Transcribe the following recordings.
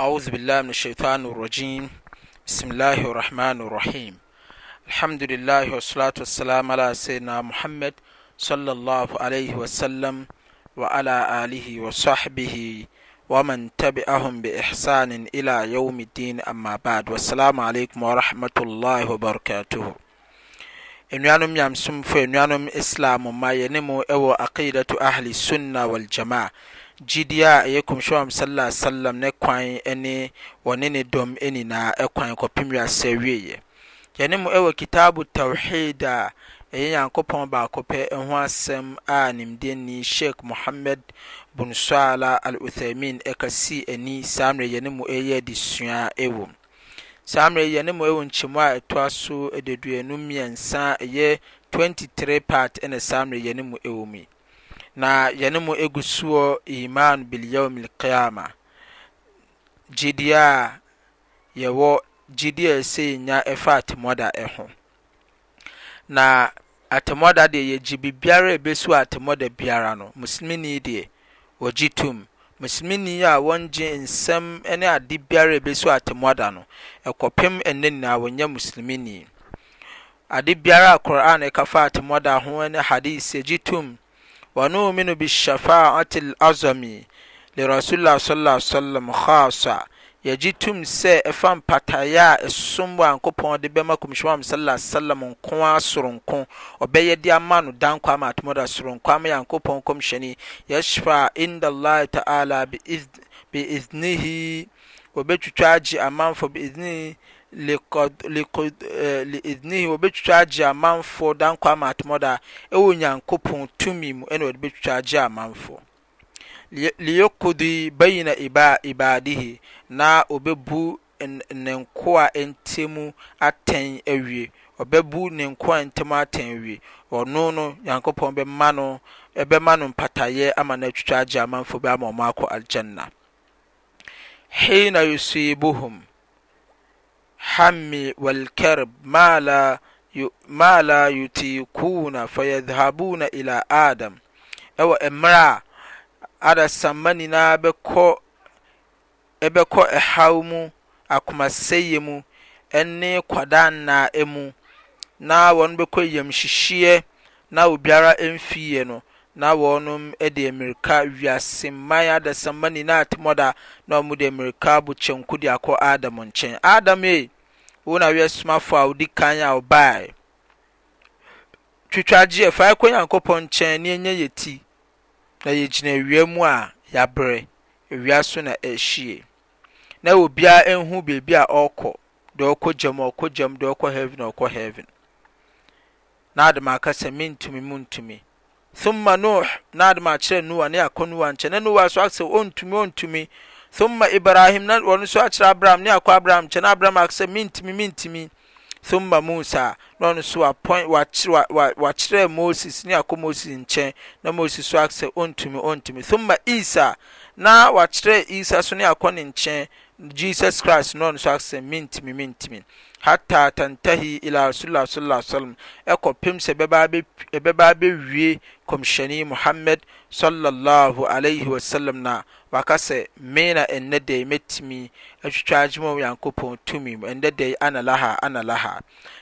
أعوذ بالله من الشيطان الرجيم بسم الله الرحمن الرحيم الحمد لله والصلاة والسلام على سيدنا محمد صلى الله عليه وسلم وعلى آله وصحبه ومن تبعهم بإحسان إلى يوم الدين أما بعد والسلام عليكم ورحمة الله وبركاته nnuanom nyamsomfo nnuanom islam ma yɛne mu ɛwɔ aqidatu ahli sunna gyidie e e e a ɛyɛ kɔmhyɛn sallallahu alaihi wasallam ne kwan ne wɔne ne dɔm nyinaa kwan kɔpem wiase awieeɛ yɛne mu ɛwɔ kitabu tawhid a ɛyɛ nyankopɔn baako pɛ ho asɛm a ni sheikh muhammed bin su'ala al uthaimin ɛkasi ani saa mmerɛ yɛne mu ɛyɛ sua ɛwɔ mu saa mmerɛ yɛne mu ɛwɔ nkyɛmu a ɛtoa so adeduanu mmiɛnsa ɛyɛ 23 part ɛna saa mmerɛ yɛne mu ɛwɔ mu yi na yɛne mu egu soɔ iman bilyawm alqiyama gyidie a yɛwɔ gyidie a ɛsɛ nya ɛfa atemɔda ɛho na atemɔda deɛ yɛgye biribiara a ɛbɛsu atemɔda biara no muslimini deɛ wɔgye tom muslimini a wɔngye nsɛm ne ade biara a ɛbɛsu atemɔda no ɛkɔpem ɛnna nyinaa wɔnyɛ muslimini ade biara a koran ɛkafa atemɔda ho ne hadis yɛgye tom ونؤمن بالشفاعة العظم لرسول الله صلى الله عليه وسلم خاصة yɛgye tom sɛ ɛfa mpataeɛ a ɛsom nyankopɔn de bɛma kɔmhyɛm sala salam nko a soronko ɔbɛyɛ de ama no dankɔ ama atom da soronko ama nyankopɔn kɔmhyɛne yɛshfa indallah ta'ala biiznihi wɔbɛtwitwa agye amanfo biiznihi leidnihi wɔbɛtwitwa agye amanfoɔ dankwa ama atomɔda ɛwɔ nyankopɔn tumi mu ɛna wɔde bɛtwitwa agye amanfoɔ liyokodi bayina ibadihi na ɔbɛbu ne nko a ntɛmu atɛn awie ɔbɛbu ne nko a ntɛmu atɛn awie ɔno no nyankopɔn bɛma no ɛbɛma no mpataeɛ ama no atwitwa agye amanfoɔ bi ama ɔmo akɔ aljanna hina yusibuhum hammi wal karb ma la ma la yutikuna na ila adam ɛwɔ mmerɛ a adasamma nyinaa bɛkɔ ɛbɛkɔ ɛhaw mu akomasɛyɛ mu ɛne na ɛmu na wɔn bɛkɔ yamhyehyeɛ na obiara mfiyɛ no na wɔn de mmirika wiase mman adasamma nyinaa temɔda na wɔn de mmirika abɔ kyɛnku de akɔ adam nkyɛn adam yi wɔn eh, a eh, wɔyɛ somafo a wɔdi kan a wɔbaeɛ twitwagyeɛ fa akɔ nyankopɔn nkyɛn ne ɛnyɛ yɛ ti na yɛgyina awia mu a yɛabrɛ awia so na ɛhyie na obiara nhu beebi a ɔrekɔ deɛ ɔkɔ gyam ɔkɔ gyam deɛ ɔkɔ heaven ɔkɔ heaven na adama aka sɛ ntumi mu ntumi thumma nuh na adama akyerɛ noa ne akɔ nuwa nkyɛn na nuwa so asɛ ɔntumi ɔntumi thumma ibrahim na wɔn so akyerɛ abraham ne akɔ abraham nkyɛ ne abraham asɛ mentimi mentimi thumma musa na ɔnsopwakyerɛ mosis ne akɔ mosis nkyɛn na moses so asɛ ontumi ɔntumi thumma isa na wakyerɛɛ isa so ne akɔ ne nkyɛ jesus christ nɔne so asɛ mentimi mentimi hata tantahi ila rasullah swsalam ɛkɔ pem sɛ bɛba bɛwie kɔmsyɛniyi muhamad slai wasalam na waka sɛ mena ɛnnɛ dai matimi atwitwaagyemaɔ yankopɔn tumi m ɛndda analaha analahaa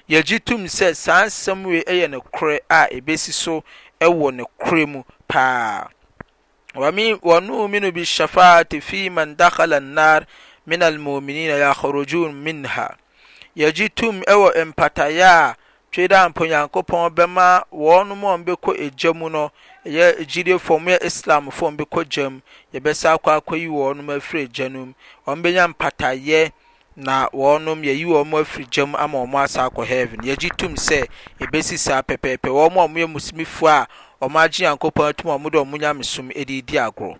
yɛgyi tum sɛ saa nsɛm wei ɛyɛ no korɛ a ebɛsi so ɛwɔ ne korɛ mu paa wa numinu bishafaati fie man dakala annar من المؤمنين يخرجون منها يجتم أو إمبتايا twe da mpo nyankopɔn bɛma wɔn mu a wɔbɛkɔ egya mu no ɛyɛ agyidefo mu yɛ islamfo wɔbɛkɔ gya mu yɛbɛsa akɔ akɔyi wɔn mu afiri gya no mu wɔn bɛnya mpatayɛ na wɔn yɛyi wɔn mu afiri gya mu ama wɔn asa akɔ heaven yɛgye tum sɛ yɛbɛsi saa pɛpɛɛpɛ wɔn a wɔyɛ musulmifoɔ a wɔn agye nyankopɔn atum wɔn de wɔn nyamesom edi di agorɔ.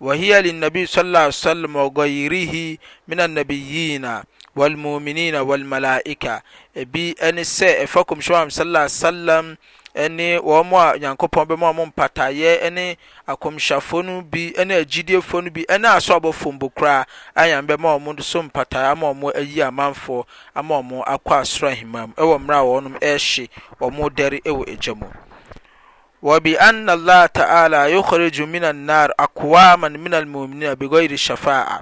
وهي للنبي صلى الله عليه وسلم وغيره من النبيين والمؤمنين والملائكة bi ne sɛ ɛfa kɔmhyɛn am sallallahu alaihi wasallam ne wɔn a nyankopɔn bɛma wɔn mpataeɛ ne akɔmhyɛfo no bi ne agyidiefoɔ no bi ne asɔabɔfo mbo koraa a yɛn bɛma wɔn so mpataeɛ ama wɔn ayi amanfoɔ ama wɔn akɔ asoro ahimam wɔ mmerɛ a wɔn ɛrehye wɔn dɛre wɔ agya mu وبأن الله تعالى يخرج من النار أقواما من المؤمنين بغير شفاعة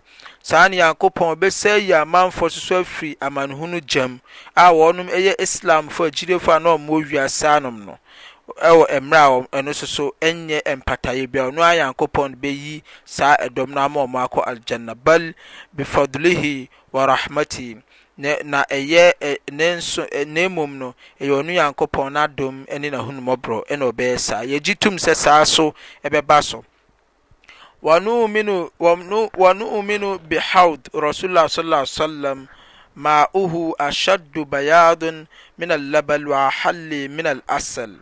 saa nyankopɔn bɛsɛ yi amanfoɔ soso afiri amanehunu gyam a wɔnom yɛ islamfoɔ agyirefo a na ɔmo wiasa nom no ɛwɔ mmerɛ a ɛno soso nyɛ mpataeɛ bia ɔno a nyankopɔn bɛyi saa ɛdɔm no ama ɔmo akɔ aljanna bal bifadlihi wa rahmatihi na ɛyɛn mom no ɛyɛ nu nyankopɔn noadom ane nahonum borɔ ɛnɛ ɔbɛyɛ saa yɛgyi tu m sɛ saa so ɔbɛ ba sɔ wanuminu behowd rasullah sa salam ma ohu ashaddo bayadon min allabal waahalli min alasel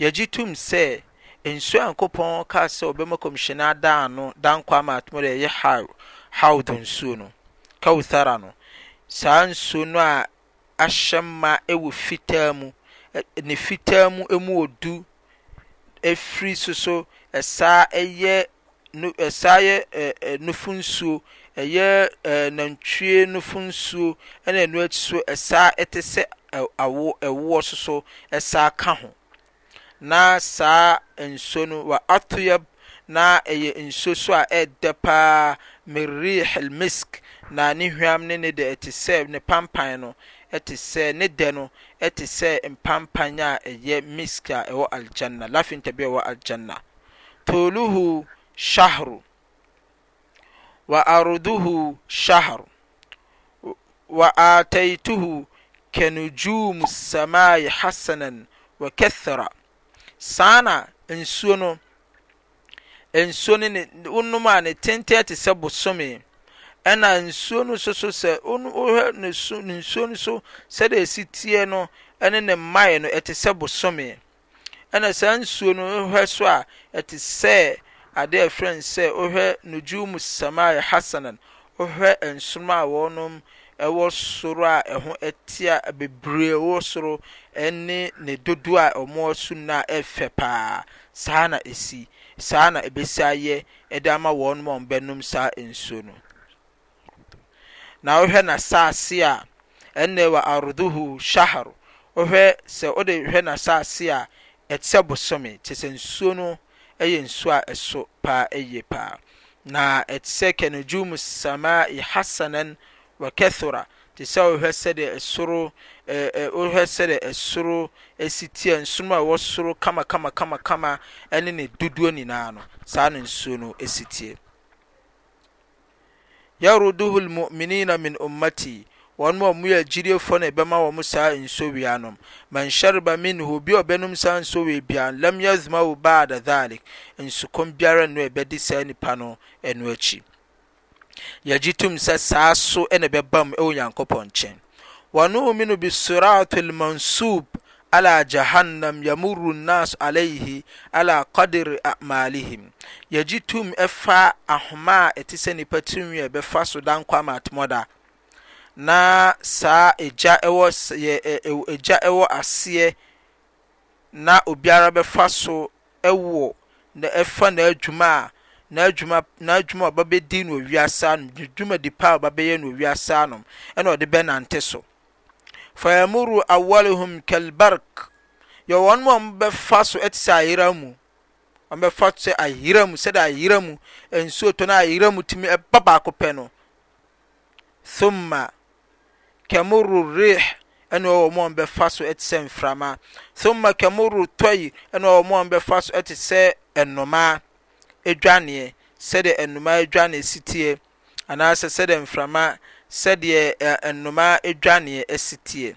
yɛgye tum sɛ nsuo nyankopɔn ka sɛ ɔbɛma kɔmmihyiniadano dankwa matom dɛ ɛyɛ howd nsuo no kawthara no saa nsuo no a ahyɛ ma wɔ fitaa mu ne fitaa mu mu yɛ du afiri so so saa yɛ no saa yɛ ɛ nufu nsuo ɛyɛ ɛ nantwie nufu nsuo ɛna ɛnu akyi so saa te sɛ awo ɛwoɔ so so ka ho na saa nsuo no wɔ atoyɛ na ɛyɛ nsuo so a ɛdɛ paa merihel misk na ne ham no ne de ɛte sɛ ne pampan no te sɛ ne dɛ no te sɛ mpampan a ɛyɛ misk a ɛwɔ aljanna lafei nbia ɛwɔ aljanna toluhu shahru wa aruduhu shahru wa ataituhu kenujuumu samai hasanan wakethera saa na nsuo no nsuo no ne wonom a ne tenten te sɛ bosome ɛna nsuo no soso sɛ wohwɛ ne nsuo no so sɛdeɛ ɛsi teɛ no ɛne ne mmaeɛ no ɛte sɛ bosome ɛna saa nsuo no wohwɛ so a ɛte sɛ adeɛ ɛfrɛ no sɛ wohwɛ nujum samaa hasanan wohwɛ nsoroma a wɔnom ɛwɔ soro a ɛho ɛte a bebree wɔ soro ɛne ne dodoɔ a wɔwɔ so no ɛfɛ paa saa na ɛsi saa na ɛbɛsi ayɛ ɛde ama wɔn a wɔn bɛnom saa nsuo no na wohwɛ n'asaase a ɛnna wɔ arduhu shahar wohwɛ sɛ wode hwɛ n'asaase a ɛtɛ bosome kyɛ sɛ nsuo no ɛyɛ nsuo a ɛso paa ɛyie paa na ɛkyɛ kanadwum samai hasanan wa kathura te sɛ wohwɛ sɛdeɛ ɛsoro ɛɛ wohwɛ sɛdeɛ ɛsoro esi tie nsono a ɛwɔ soro kamakamakamakama ɛne ne dodoɔ nyinaa no saa ne nsuo no esi tie. yaruduho lmuminina min ommatii wɔno ma a mu yagyirie fɔ no ɔbɛma wɔ mu saa nsowieanom manshareba minho bi ɔbɛnom saa nsowie biaa lam yazmaho baada dhalik nsukom biara nne ɔbɛde saa nnipa no ɛno akyi yɛgye tum sɛ saa so ne bɛba m ɛwɔ nyankopɔn nkyɛn wanoomino besirat almansob ala jahannam yamurru nnass alaihi ala kadiri amalihi m yɛgye tom ɛfa ahoma a ɛte sɛ nnipa timiwi bɛfa so dankw amatomɔda na saa agya ɛwɔ aseɛ na obiara bɛfa so wɔ fa ndwmandwumaa bbɛdi nowasaa no dwuma di pa a babɛyɛ no wiasaa nom ɛna ɔde bɛnante so fa yamuru awalehum kalbark ywɔnmbɛfa so tisɛ ayea mu ɛfaɛe ɛde aye mu nsutono ayer mu timi babako pɛ no uma kamuro rih newmɛfas tsɛ mframa uma kamro tɔ newɛfas t sɛ nɔma dwane sɛde noma dwane sitie anaasɛ sɛde mframa sɛdeɛ ɛnoma ɛdwaneɛ asitie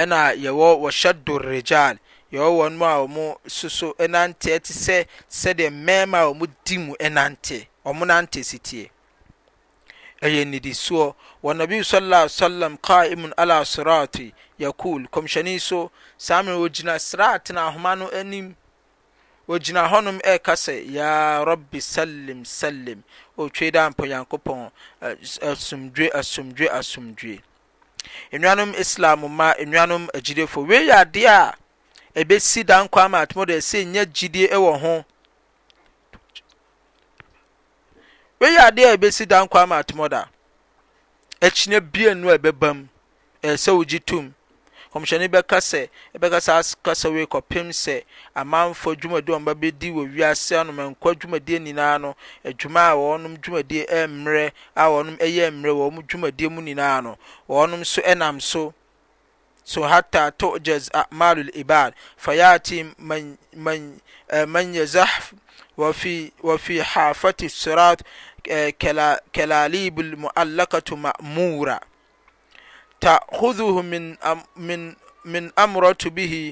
ɛna yɛwɔ wahyaddo rejal yɛwɔwɔn mu a wɔmo soso nantɛɛ te sɛ sɛdeɛ mmɛma a ɔmodi mu nantɛ ɔmo nantɛ sitie ɛyɛ nidisuɔ wɔ nabie salalahsalam kaimun ala seraty yakul kɔmhyɛne y so saa mme ɔgyina seraa tena homa no nim ogyina hɔnom ɛreka sɛ ya rabbi salim salim otwe dɛ ampa nyankopɔn asomdwe asomdwe asomdwe nnuanom islam ma nnuanom agyidefo wei yɛ adeɛ a ɛbɛsi dan kɔ ama atom do ɛsɛ nya gyidie wɔ ho wei yɛ adeɛ a ɛbɛsi dan kɔ ama atom da akyinɛ bianu a ɛbɛba ɛsɛ wogye tom miyɛne ɛka sɛɛkasaakasa wei kɔpem sɛ ama mfa dwumadi ɔba bɛdi wɔ wiasɛ nom nka dwumadi ninaa no adwuma a wɔnom dwumadi merɛ a wɔnom yɛ mmerɛ wɔm dwumadi mu nyinaa no ɔnom so nam so so hata tɔjas amal liibad fa yati manyazah eh, wfi hafati surat eh, kelalib lmualakatu mamura taakozuhu min amrato bi hi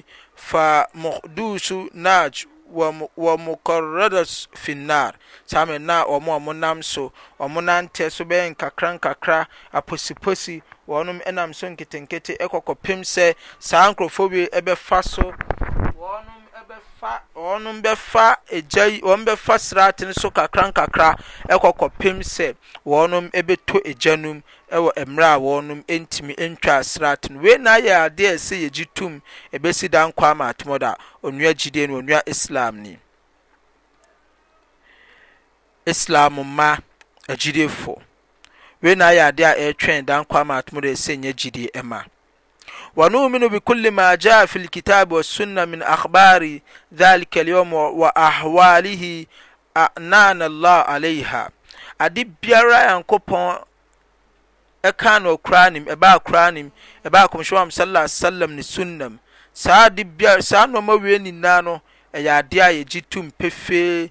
fa moduusu nag wɔ mukaradas fi nnar saa me na ɔma a monam so ɔmonantɛ so bɛyɛ nkakra nkakra aposiposi wɔnom nam so nketenkete kɔkɔpem sɛ saa nkurɔfo bi bɛfa so wɔn bɛfa egya yi wɔn bɛfa sraate no so kakra nkakra ɛkɔ kɔpem sɛ wɔn bɛtɔ egya no mu ɛwɔ mmerɛ a wɔn ntumi ntwa sraate no wei na yɛ adeɛ ɛsɛ yɛgye tum ɛbɛsi dan kɔ ama atomɔ da onua gyidie no onua islam ni islam mma agyidiefoɔ wei na yɛ adeɛ a ɛretwɛn dan kɔ ama atomɔ da ɛsɛ nyɛ gyidie ɛma. wanuminu bekulle ma gyaa fi lkitabe wassunna min abare dhalika liom wa ahwalihi anana llah alaiha ade biara yankopɔn ɛka nakoranim ɛbɛ koranim ɛbɛ komhwom sla salam ne sunna m aesaa nnoma wie nyinaa no ɛyɛ ade ayɛgye tu m pefe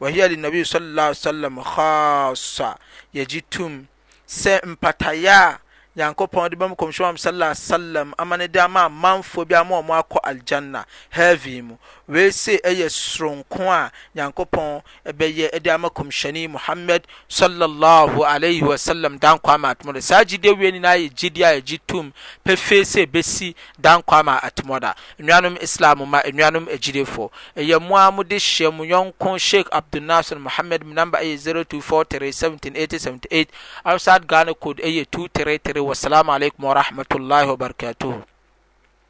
وهي للنبي صلى الله عليه وسلم خاصة يجي توم nyankopɔn de kmsaam amadmamanfbimmakɔ aljanna havi mu wese ɛyɛ soronko a nyankopɔ ɛyɛ dma kmsɛni muhamad m akmtoda saagidwniyɛ giii tm pefese besi dankama atomda nnm islamma nnm gidef yɛmua mde syɛmuynk shek abdunasn ohad n y 0243 17878g y233 والسلام عليكم ورحمة الله وبركاته